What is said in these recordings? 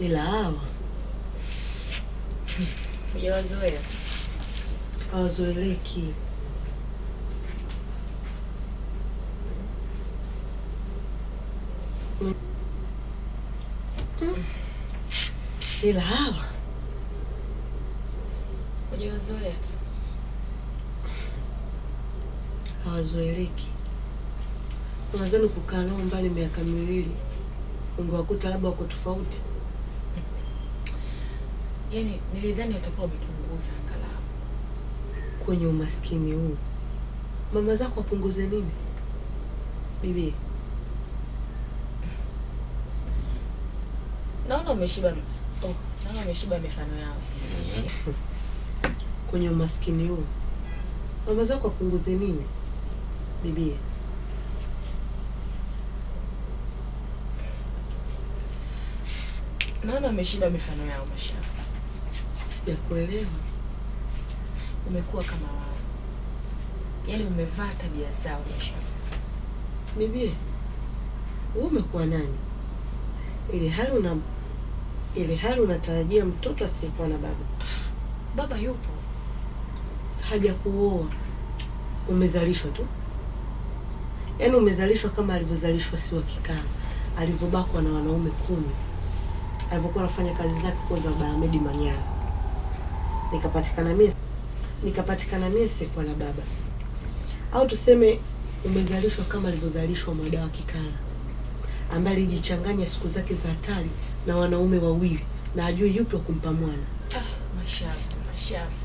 ila hawa hujawazoea, hawazoeleki. Ila hawa hujawazoea, hawazoeleki. Unadhani kukaa nao mbali miaka miwili ungewakuta labda wako tofauti? yani nilidhani watakuwa wamepunguza angalau kwenye umaskini huu. Mama zako wapunguze nini bibi? Naona umeshiba, oh, naona umeshiba mifano yao kwenye umaskini huu. Mama zako wapunguze nini bibi? Naona umeshiba mifano yao Mashaka sijakuelewa. Umekuwa kama wao, yaani umevaa tabia zao. Bibi, wewe umekuwa nani ili hali una ili hali unatarajia mtoto asiyekuwa na baba? Baba yupo, hajakuoa, umezalishwa tu. Yaani umezalishwa kama alivyozalishwa si wa kikao, alivyobakwa na wanaume kumi, alivyokuwa anafanya kazi zake kwa za Bahamedi Manyara nikapatikana mimi nikapatikana mimi sikuwa na baba, au tuseme umezalishwa kama alivyozalishwa mwada wa Kikala ambaye alijichanganya siku zake za hatari na wanaume wawili na ajui yupi wa kumpa mwana. Ah, mashavu mashavu.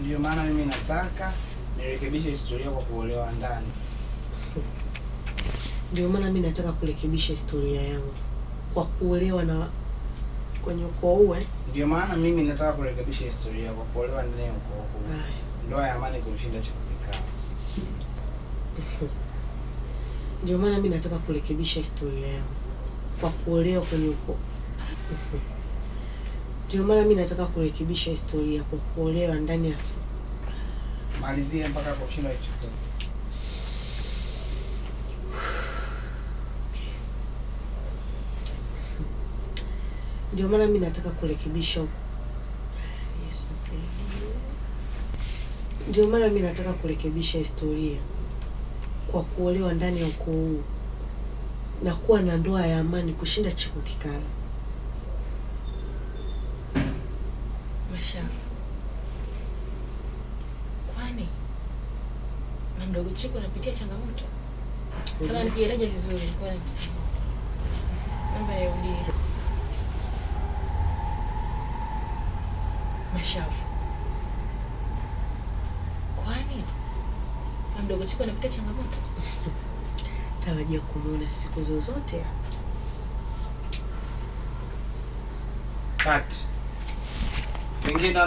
Ndio maana mimi nataka nirekebishe historia kwa kuolewa ndani ndio maana mimi nataka kurekebisha historia yangu kwa kuolewa na kwenye ukoo huu. Eh? Ndio maana mimi nataka kurekebisha historia kwa kuolewa ndani ya ukoo huu. Ndoa ya amani kumshinda chakupika. Ndio maana mimi nataka kurekebisha historia yangu kwa kuolewa kwenye ukoo. Ndio maana mimi nataka kurekebisha historia kwa kuolewa ndani ya malizia mpaka kwa kushinda chakupika. Ndio maana mimi nataka kurekebisha huko. Ndio maana mimi nataka kurekebisha historia kwa kuolewa ndani ya ukoo huu na kuwa na ndoa ya amani kushinda chiku kikala. Mashafu, kwani na mdogo Chiko anapitia changamoto kama mhm. nisijareja vizuri, kwani mambo ya udini mashavu. Kwani mdogo Chiku anapitia changamoto? Tarajia kumwona siku zozote. Pengine